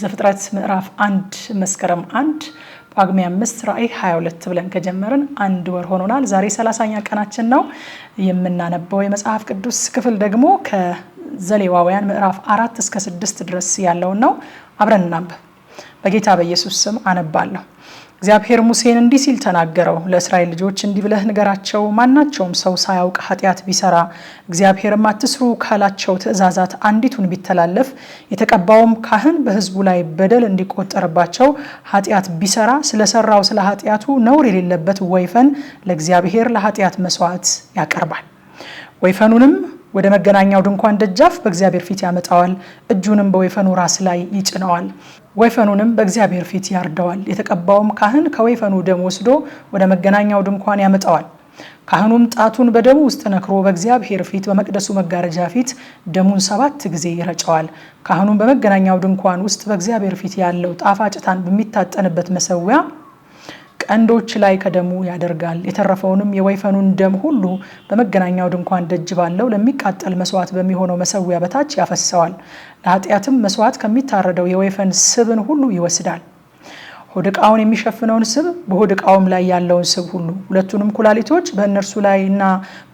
ዘፍጥረት ምዕራፍ አንድ መስከረም አንድ ጳጉሜ አምስት ራእይ 22 ብለን ከጀመርን አንድ ወር ሆኖናል። ዛሬ ሰላሳኛ ቀናችን ነው። የምናነበው የመጽሐፍ ቅዱስ ክፍል ደግሞ ከዘሌዋውያን ምዕራፍ አራት እስከ ስድስት ድረስ ያለውን ነው። አብረን እናንብብ። በጌታ በኢየሱስ ስም አነባለሁ። እግዚአብሔር ሙሴን እንዲህ ሲል ተናገረው፣ ለእስራኤል ልጆች እንዲህ ብለህ ንገራቸው፣ ማናቸውም ሰው ሳያውቅ ኃጢአት ቢሰራ እግዚአብሔርም አትስሩ ካላቸው ትእዛዛት አንዲቱን ቢተላለፍ የተቀባውም ካህን በሕዝቡ ላይ በደል እንዲቆጠርባቸው ኃጢአት ቢሰራ ስለሰራው ስለ ኃጢአቱ ነውር የሌለበት ወይፈን ለእግዚአብሔር ለኃጢአት መስዋዕት ያቀርባል። ወይፈኑንም ወደ መገናኛው ድንኳን ደጃፍ በእግዚአብሔር ፊት ያመጣዋል። እጁንም በወይፈኑ ራስ ላይ ይጭነዋል፣ ወይፈኑንም በእግዚአብሔር ፊት ያርደዋል። የተቀባውም ካህን ከወይፈኑ ደም ወስዶ ወደ መገናኛው ድንኳን ያመጣዋል። ካህኑም ጣቱን በደሙ ውስጥ ነክሮ በእግዚአብሔር ፊት በመቅደሱ መጋረጃ ፊት ደሙን ሰባት ጊዜ ይረጨዋል። ካህኑም በመገናኛው ድንኳን ውስጥ በእግዚአብሔር ፊት ያለው ጣፋጭ ዕጣን በሚታጠንበት መሰዊያ ቀንዶች ላይ ከደሙ ያደርጋል። የተረፈውንም የወይፈኑን ደም ሁሉ በመገናኛው ድንኳን ደጅ ባለው ለሚቃጠል መስዋዕት በሚሆነው መሰዊያ በታች ያፈሰዋል። ለኃጢአትም መስዋዕት ከሚታረደው የወይፈን ስብን ሁሉ ይወስዳል። ሆድ እቃውን የሚሸፍነውን ስብ፣ በሆድ እቃውም ላይ ያለውን ስብ ሁሉ፣ ሁለቱንም ኩላሊቶች፣ በእነርሱ ላይ እና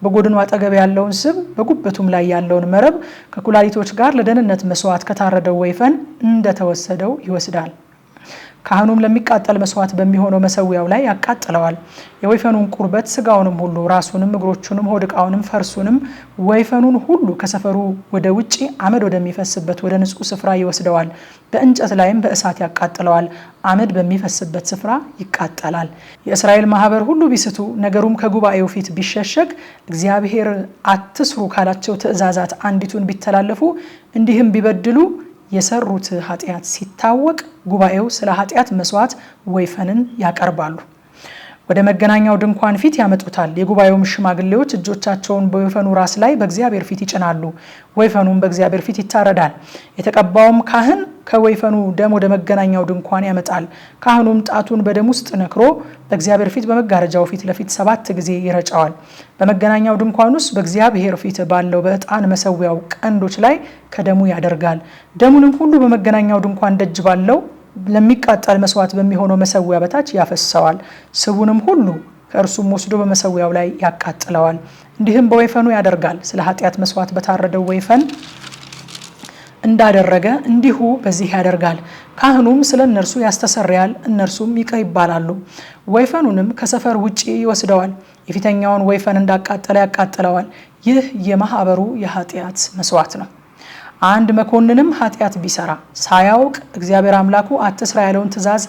በጎድኑ አጠገብ ያለውን ስብ፣ በጉበቱም ላይ ያለውን መረብ ከኩላሊቶች ጋር ለደህንነት መስዋዕት ከታረደው ወይፈን እንደተወሰደው ይወስዳል። ካህኑም ለሚቃጠል መስዋዕት በሚሆነው መሰዊያው ላይ ያቃጥለዋል። የወይፈኑን ቁርበት፣ ስጋውንም ሁሉ፣ ራሱንም፣ እግሮቹንም፣ ሆድ እቃውንም ፈርሱንም፣ ወይፈኑን ሁሉ ከሰፈሩ ወደ ውጭ አመድ ወደሚፈስበት ወደ ንጹ ስፍራ ይወስደዋል። በእንጨት ላይም በእሳት ያቃጥለዋል። አመድ በሚፈስበት ስፍራ ይቃጠላል። የእስራኤል ማህበር ሁሉ ቢስቱ፣ ነገሩም ከጉባኤው ፊት ቢሸሸግ፣ እግዚአብሔር አትስሩ ካላቸው ትእዛዛት አንዲቱን ቢተላለፉ፣ እንዲህም ቢበድሉ የሰሩት ኃጢአት ሲታወቅ ጉባኤው ስለ ኃጢአት መስዋዕት ወይፈንን ያቀርባሉ። ወደ መገናኛው ድንኳን ፊት ያመጡታል። የጉባኤውም ሽማግሌዎች እጆቻቸውን በወይፈኑ ራስ ላይ በእግዚአብሔር ፊት ይጭናሉ። ወይፈኑም በእግዚአብሔር ፊት ይታረዳል። የተቀባውም ካህን ከወይፈኑ ደም ወደ መገናኛው ድንኳን ያመጣል። ካህኑም ጣቱን በደም ውስጥ ነክሮ በእግዚአብሔር ፊት በመጋረጃው ፊት ለፊት ሰባት ጊዜ ይረጨዋል። በመገናኛው ድንኳን ውስጥ በእግዚአብሔር ፊት ባለው በዕጣን መሰዊያው ቀንዶች ላይ ከደሙ ያደርጋል። ደሙንም ሁሉ በመገናኛው ድንኳን ደጅ ባለው ለሚቃጠል መስዋዕት በሚሆነው መሰዊያ በታች ያፈሰዋል። ስቡንም ሁሉ ከእርሱም ወስዶ በመሰዊያው ላይ ያቃጥለዋል። እንዲህም በወይፈኑ ያደርጋል። ስለ ኃጢአት መስዋዕት በታረደው ወይፈን እንዳደረገ እንዲሁ በዚህ ያደርጋል። ካህኑም ስለ እነርሱ ያስተሰርያል፣ እነርሱም ይቅር ይባላሉ። ወይፈኑንም ከሰፈር ውጪ ይወስደዋል፣ የፊተኛውን ወይፈን እንዳቃጠለ ያቃጥለዋል። ይህ የማህበሩ የኃጢአት መስዋዕት ነው። አንድ መኮንንም ኃጢአት ቢሰራ ሳያውቅ እግዚአብሔር አምላኩ አትስራ ያለውን ትእዛዝ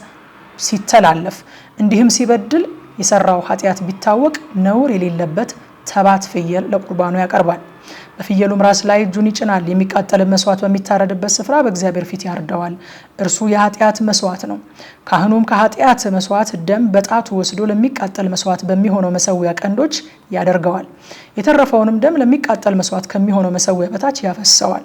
ሲተላለፍ እንዲህም ሲበድል የሰራው ኃጢአት ቢታወቅ ነውር የሌለበት ተባት ፍየል ለቁርባኑ ያቀርባል። በፍየሉም ራስ ላይ እጁን ይጭናል። የሚቃጠል መስዋዕት በሚታረድበት ስፍራ በእግዚአብሔር ፊት ያርደዋል። እርሱ የኃጢአት መስዋዕት ነው። ካህኑም ከኃጢአት መስዋዕት ደም በጣቱ ወስዶ ለሚቃጠል መስዋዕት በሚሆነው መሰዊያ ቀንዶች ያደርገዋል። የተረፈውንም ደም ለሚቃጠል መስዋዕት ከሚሆነው መሰዊያ በታች ያፈሰዋል።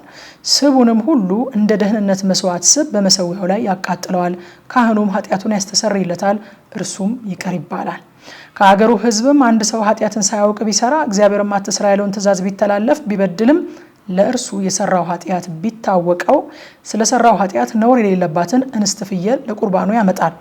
ስቡንም ሁሉ እንደ ደህንነት መስዋዕት ስብ በመሰዊያው ላይ ያቃጥለዋል። ካህኑም ኃጢአቱን ያስተሰርይለታል፣ እርሱም ይቅር ይባላል። ከአገሩ ህዝብም አንድ ሰው ኃጢአትን ሳያውቅ ቢሰራ እግዚአብሔርም አትስራ ያለውን ትእዛዝ ቢተላለፍ ቢበድልም ለእርሱ የሰራው ኃጢአት ቢታወቀው ስለ ሰራው ኃጢአት ነውር የሌለባትን እንስት ፍየል ለቁርባኑ ያመጣል።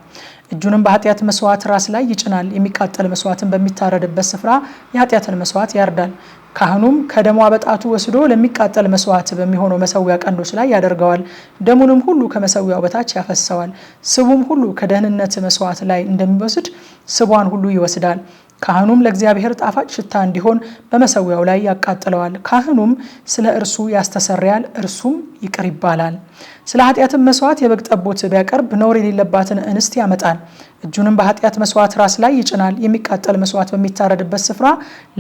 እጁንም በኃጢአት መስዋዕት ራስ ላይ ይጭናል። የሚቃጠል መስዋዕትን በሚታረድበት ስፍራ የኃጢአትን መስዋዕት ያርዳል። ካህኑም ከደሟ በጣቱ ወስዶ ለሚቃጠል መስዋዕት በሚሆነው መሰዊያ ቀንዶች ላይ ያደርገዋል። ደሙንም ሁሉ ከመሰዊያው በታች ያፈሰዋል። ስቡም ሁሉ ከደህንነት መስዋዕት ላይ እንደሚወስድ ስቧን ሁሉ ይወስዳል። ካህኑም ለእግዚአብሔር ጣፋጭ ሽታ እንዲሆን በመሰዊያው ላይ ያቃጥለዋል። ካህኑም ስለ እርሱ ያስተሰርያል፣ እርሱም ይቅር ይባላል። ስለ ኃጢአትም መስዋዕት የበግ ጠቦት ቢያቀርብ ነውር የሌለባትን እንስት ያመጣል። እጁንም በኃጢአት መስዋዕት ራስ ላይ ይጭናል። የሚቃጠል መስዋዕት በሚታረድበት ስፍራ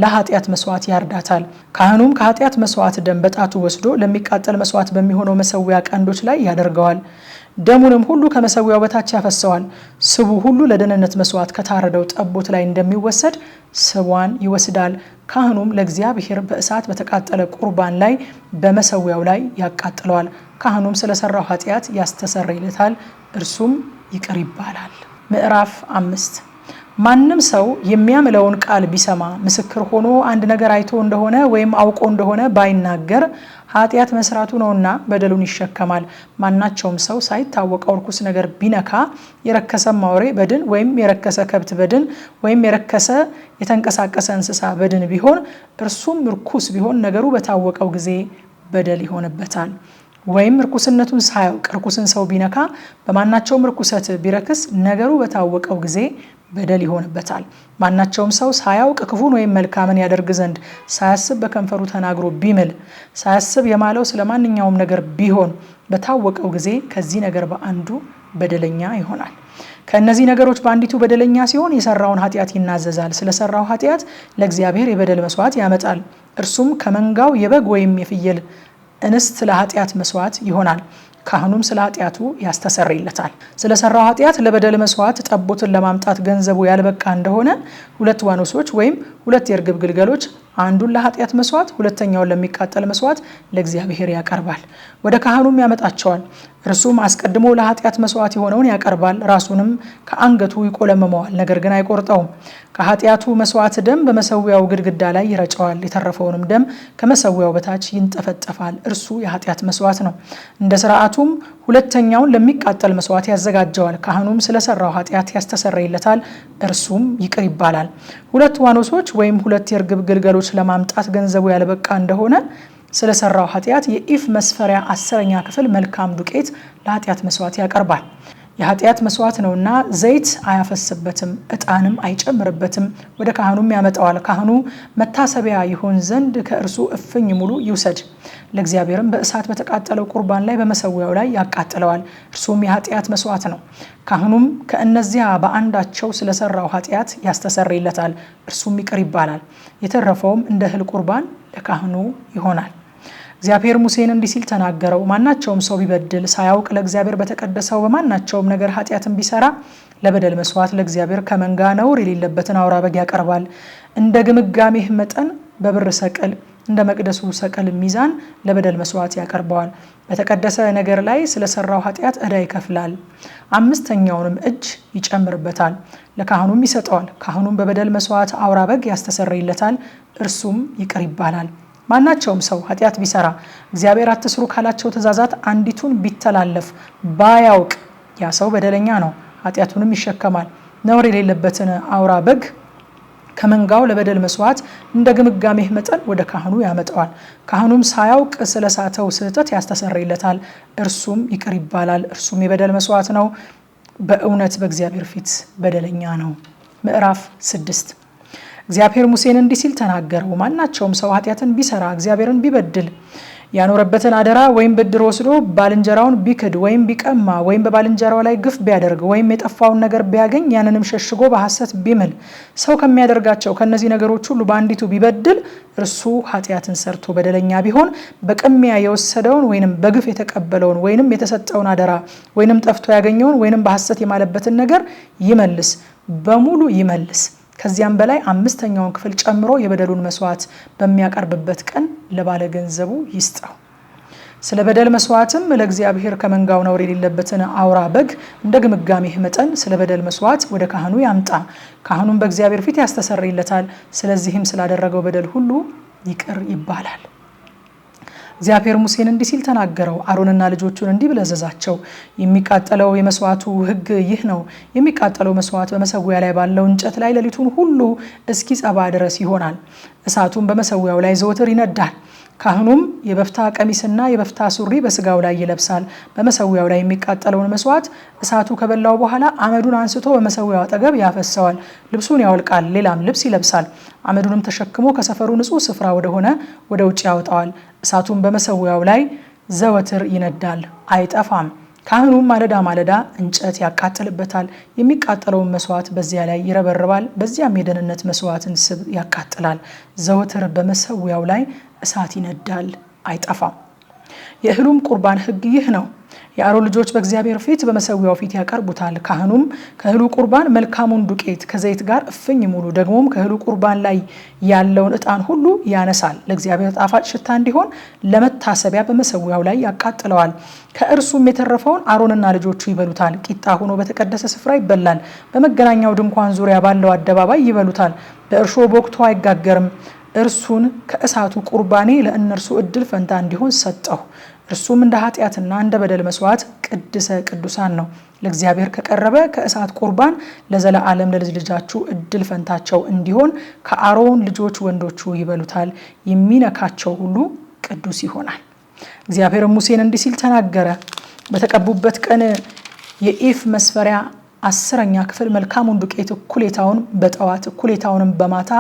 ለኃጢአት መስዋዕት ያርዳታል። ካህኑም ከኃጢአት መስዋዕት ደም በጣቱ ወስዶ ለሚቃጠል መስዋዕት በሚሆነው መሰዊያ ቀንዶች ላይ ያደርገዋል። ደሙንም ሁሉ ከመሰዊያው በታች ያፈሰዋል። ስቡ ሁሉ ለደህንነት መስዋዕት ከታረደው ጠቦት ላይ እንደሚወሰድ ስቧን ይወስዳል። ካህኑም ለእግዚአብሔር በእሳት በተቃጠለ ቁርባን ላይ በመሰዊያው ላይ ያቃጥለዋል። ካህኑም ስለሰራው ኃጢአት ያስተሰርይለታል፣ እርሱም ይቅር ይባላል። ምዕራፍ አምስት ማንም ሰው የሚያምለውን ቃል ቢሰማ ምስክር ሆኖ አንድ ነገር አይቶ እንደሆነ ወይም አውቆ እንደሆነ ባይናገር ኃጢአት መስራቱ ነውና በደሉን ይሸከማል። ማናቸውም ሰው ሳይታወቀው ርኩስ ነገር ቢነካ የረከሰ ማውሬ በድን ወይም የረከሰ ከብት በድን ወይም የረከሰ የተንቀሳቀሰ እንስሳ በድን ቢሆን እርሱም ርኩስ ቢሆን ነገሩ በታወቀው ጊዜ በደል ይሆንበታል። ወይም ርኩስነቱን ሳያውቅ ርኩስን ሰው ቢነካ በማናቸውም ርኩሰት ቢረክስ ነገሩ በታወቀው ጊዜ በደል ይሆንበታል። ማናቸውም ሰው ሳያውቅ ክፉን ወይም መልካምን ያደርግ ዘንድ ሳያስብ በከንፈሩ ተናግሮ ቢምል ሳያስብ የማለው ስለ ማንኛውም ነገር ቢሆን በታወቀው ጊዜ ከዚህ ነገር በአንዱ በደለኛ ይሆናል። ከእነዚህ ነገሮች በአንዲቱ በደለኛ ሲሆን የሰራውን ኃጢአት ይናዘዛል። ስለሰራው ኃጢአት ለእግዚአብሔር የበደል መስዋዕት ያመጣል። እርሱም ከመንጋው የበግ ወይም የፍየል እንስት ለኃጢአት መስዋዕት ይሆናል። ካህኑም ስለ ኃጢአቱ ያስተሰርይለታል። ስለ ሰራው ኃጢአት ለበደል መስዋዕት ጠቦትን ለማምጣት ገንዘቡ ያልበቃ እንደሆነ ሁለት ዋኖሶች ወይም ሁለት የእርግብ ግልገሎች አንዱን ለኃጢአት መስዋዕት ሁለተኛውን ለሚቃጠል መስዋዕት ለእግዚአብሔር ያቀርባል። ወደ ካህኑም ያመጣቸዋል። እርሱም አስቀድሞ ለኃጢአት መስዋዕት የሆነውን ያቀርባል፣ ራሱንም ከአንገቱ ይቆለምመዋል፣ ነገር ግን አይቆርጠውም። ከኃጢአቱ መስዋዕት ደም በመሰዊያው ግድግዳ ላይ ይረጨዋል፣ የተረፈውንም ደም ከመሰዊያው በታች ይንጠፈጠፋል። እርሱ የኃጢአት መስዋዕት ነው። እንደ ስርዓቱም ሁለተኛውን ለሚቃጠል መስዋዕት ያዘጋጀዋል። ካህኑም ስለሰራው ኃጢአት ያስተሰረይለታል፣ እርሱም ይቅር ይባላል። ሁለት ዋኖሶች ወይም ሁለት የርግብ ግልገሎች ለማምጣት ገንዘቡ ያልበቃ እንደሆነ ስለሰራው ኃጢአት የኢፍ መስፈሪያ አስረኛ ክፍል መልካም ዱቄት ለኃጢአት መስዋዕት ያቀርባል። የኃጢአት መስዋዕት ነውና ዘይት አያፈስበትም፣ እጣንም አይጨምርበትም። ወደ ካህኑም ያመጣዋል። ካህኑ መታሰቢያ ይሆን ዘንድ ከእርሱ እፍኝ ሙሉ ይውሰድ። ለእግዚአብሔርም በእሳት በተቃጠለው ቁርባን ላይ በመሰዊያው ላይ ያቃጥለዋል። እርሱም የኃጢአት መስዋዕት ነው። ካህኑም ከእነዚያ በአንዳቸው ስለሰራው ኃጢአት ያስተሰርይለታል፣ እርሱም ይቅር ይባላል። የተረፈውም እንደ እህል ቁርባን ለካህኑ ይሆናል። እግዚአብሔር ሙሴን እንዲህ ሲል ተናገረው። ማናቸውም ሰው ቢበድል ሳያውቅ ለእግዚአብሔር በተቀደሰው በማናቸውም ነገር ኃጢአትን ቢሰራ ለበደል መስዋዕት ለእግዚአብሔር ከመንጋ ነውር የሌለበትን አውራ በግ ያቀርባል። እንደ ግምጋሜህ መጠን በብር ሰቅል እንደ መቅደሱ ሰቅል ሚዛን ለበደል መስዋዕት ያቀርበዋል። በተቀደሰ ነገር ላይ ስለሰራው ኃጢአት እዳ ይከፍላል። አምስተኛውንም እጅ ይጨምርበታል፣ ለካህኑም ይሰጠዋል። ካህኑም በበደል መስዋዕት አውራ በግ ያስተሰርይለታል፣ እርሱም ይቅር ይባላል። ማናቸውም ሰው ኃጢአት ቢሰራ እግዚአብሔር አትስሩ ካላቸው ትእዛዛት አንዲቱን ቢተላለፍ ባያውቅ ያ ሰው በደለኛ ነው፣ ኃጢአቱንም ይሸከማል። ነውር የሌለበትን አውራ በግ ከመንጋው ለበደል መስዋዕት እንደ ግምጋሜህ መጠን ወደ ካህኑ ያመጣዋል። ካህኑም ሳያውቅ ስለሳተው ስህተት ያስተሰርይለታል፣ እርሱም ይቅር ይባላል። እርሱም የበደል መስዋዕት ነው። በእውነት በእግዚአብሔር ፊት በደለኛ ነው። ምዕራፍ ስድስት እግዚአብሔር ሙሴን እንዲህ ሲል ተናገረው። ማናቸውም ሰው ኃጢአትን ቢሰራ እግዚአብሔርን ቢበድል ያኖረበትን አደራ ወይም ብድር ወስዶ ባልንጀራውን ቢክድ ወይም ቢቀማ ወይም በባልንጀራው ላይ ግፍ ቢያደርግ ወይም የጠፋውን ነገር ቢያገኝ ያንንም ሸሽጎ በሐሰት ቢምል ሰው ከሚያደርጋቸው ከእነዚህ ነገሮች ሁሉ በአንዲቱ ቢበድል እርሱ ኃጢአትን ሰርቶ በደለኛ ቢሆን በቅሚያ የወሰደውን ወይንም በግፍ የተቀበለውን ወይንም የተሰጠውን አደራ ወይንም ጠፍቶ ያገኘውን ወይንም በሐሰት የማለበትን ነገር ይመልስ፣ በሙሉ ይመልስ። ከዚያም በላይ አምስተኛውን ክፍል ጨምሮ የበደሉን መስዋዕት በሚያቀርብበት ቀን ለባለገንዘቡ ይስጠው። ስለ በደል መስዋዕትም ለእግዚአብሔር ከመንጋው ነውር የሌለበትን አውራ በግ እንደ ግምጋሜህ መጠን ስለ በደል መስዋዕት ወደ ካህኑ ያምጣ። ካህኑም በእግዚአብሔር ፊት ያስተሰርይለታል። ስለዚህም ስላደረገው በደል ሁሉ ይቅር ይባላል። እግዚአብሔር ሙሴን እንዲህ ሲል ተናገረው፣ አሮንና ልጆቹን እንዲህ ብለህ እዘዛቸው፣ የሚቃጠለው የመስዋዕቱ ሕግ ይህ ነው። የሚቃጠለው መስዋዕት በመሰዊያ ላይ ባለው እንጨት ላይ ሌሊቱን ሁሉ እስኪ ድረስ ይሆናል። እሳቱም በመሰዊያው ላይ ዘወትር ይነዳል። ካህኑም የበፍታ ቀሚስና የበፍታ ሱሪ በስጋው ላይ ይለብሳል። በመሰዊያው ላይ የሚቃጠለውን መስዋዕት እሳቱ ከበላው በኋላ አመዱን አንስቶ በመሰዊያው አጠገብ ያፈሰዋል። ልብሱን ያወልቃል፣ ሌላም ልብስ ይለብሳል። አመዱንም ተሸክሞ ከሰፈሩ ንጹሕ ስፍራ ወደሆነ ወደ ውጭ ያወጣዋል። እሳቱን በመሰዊያው ላይ ዘወትር ይነዳል፣ አይጠፋም። ካህኑም ማለዳ ማለዳ እንጨት ያቃጥልበታል። የሚቃጠለውን መስዋዕት በዚያ ላይ ይረበርባል። በዚያም የደህንነት መስዋዕትን ስብ ያቃጥላል። ዘወትር በመሰዊያው ላይ እሳት ይነዳል፣ አይጠፋም። የእህሉም ቁርባን ሕግ ይህ ነው። የአሮን ልጆች በእግዚአብሔር ፊት በመሰዊያው ፊት ያቀርቡታል። ካህኑም ከእህሉ ቁርባን መልካሙን ዱቄት ከዘይት ጋር እፍኝ ሙሉ፣ ደግሞም ከእህሉ ቁርባን ላይ ያለውን እጣን ሁሉ ያነሳል። ለእግዚአብሔር ጣፋጭ ሽታ እንዲሆን ለመታሰቢያ በመሰዊያው ላይ ያቃጥለዋል። ከእርሱም የተረፈውን አሮንና ልጆቹ ይበሉታል። ቂጣ ሆኖ በተቀደሰ ስፍራ ይበላል። በመገናኛው ድንኳን ዙሪያ ባለው አደባባይ ይበሉታል። በእርሾ በወቅቱ አይጋገርም። እርሱን ከእሳቱ ቁርባኔ ለእነርሱ እድል ፈንታ እንዲሆን ሰጠሁ። እርሱም እንደ ኃጢአትና እንደ በደል መስዋዕት ቅድሰ ቅዱሳን ነው። ለእግዚአብሔር ከቀረበ ከእሳት ቁርባን ለዘለዓለም ለልጅ ልጃችሁ እድል ፈንታቸው እንዲሆን ከአሮን ልጆች ወንዶቹ ይበሉታል፣ የሚነካቸው ሁሉ ቅዱስ ይሆናል። እግዚአብሔር ሙሴን እንዲህ ሲል ተናገረ። በተቀቡበት ቀን የኢፍ መስፈሪያ አስረኛ ክፍል መልካሙን ዱቄት እኩሌታውን በጠዋት እኩሌታውንም በማታ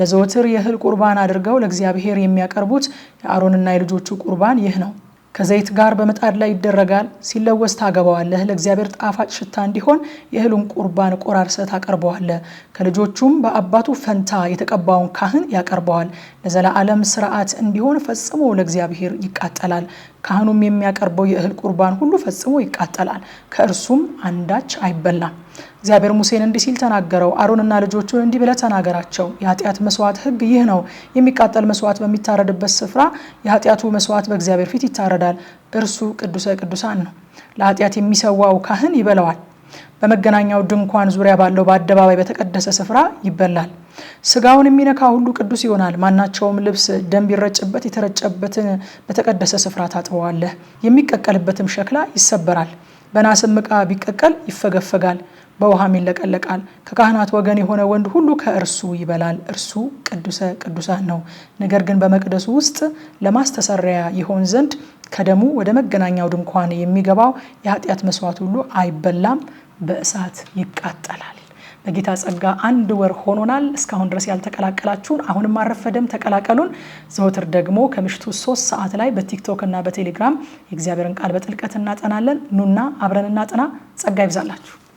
ለዘወትር የእህል ቁርባን አድርገው ለእግዚአብሔር የሚያቀርቡት የአሮንና የልጆቹ ቁርባን ይህ ነው። ከዘይት ጋር በምጣድ ላይ ይደረጋል። ሲለወስ ታገባዋለህ። ለእግዚአብሔር ጣፋጭ ሽታ እንዲሆን የእህሉን ቁርባን ቆራርሰ ታቀርበዋለህ። ከልጆቹም በአባቱ ፈንታ የተቀባውን ካህን ያቀርበዋል። ለዘላለም ስርዓት እንዲሆን ፈጽሞ ለእግዚአብሔር ይቃጠላል። ካህኑም የሚያቀርበው የእህል ቁርባን ሁሉ ፈጽሞ ይቃጠላል። ከእርሱም አንዳች አይበላም። እግዚአብሔር ሙሴን እንዲህ ሲል ተናገረው፣ አሮንና ልጆቹን እንዲህ ብለህ ተናገራቸው፣ የኃጢአት መስዋዕት ሕግ ይህ ነው። የሚቃጠል መስዋዕት በሚታረድበት ስፍራ የኃጢአቱ መስዋዕት በእግዚአብሔር ፊት ይታረዳል፣ እርሱ ቅዱሰ ቅዱሳን ነው። ለኃጢአት የሚሰዋው ካህን ይበላዋል። በመገናኛው ድንኳን ዙሪያ ባለው በአደባባይ በተቀደሰ ስፍራ ይበላል። ስጋውን የሚነካ ሁሉ ቅዱስ ይሆናል። ማናቸውም ልብስ ደም ቢረጭበት የተረጨበትን በተቀደሰ ስፍራ ታጥበዋለህ። የሚቀቀልበትም ሸክላ ይሰበራል፣ በናስም ዕቃ ቢቀቀል ይፈገፈጋል። በውሃም ይለቀለቃል። ከካህናት ወገን የሆነ ወንድ ሁሉ ከእርሱ ይበላል፣ እርሱ ቅዱሰ ቅዱሳን ነው። ነገር ግን በመቅደሱ ውስጥ ለማስተሰሪያ ይሆን ዘንድ ከደሙ ወደ መገናኛው ድንኳን የሚገባው የኃጢአት መስዋዕት ሁሉ አይበላም፣ በእሳት ይቃጠላል። በጌታ ጸጋ አንድ ወር ሆኖናል። እስካሁን ድረስ ያልተቀላቀላችሁን አሁንም አረፈደም ተቀላቀሉን። ዘወትር ደግሞ ከምሽቱ ሶስት ሰዓት ላይ በቲክቶክ እና በቴሌግራም የእግዚአብሔርን ቃል በጥልቀት እናጠናለን። ኑና አብረን እናጠና። ጸጋ ይብዛላችሁ።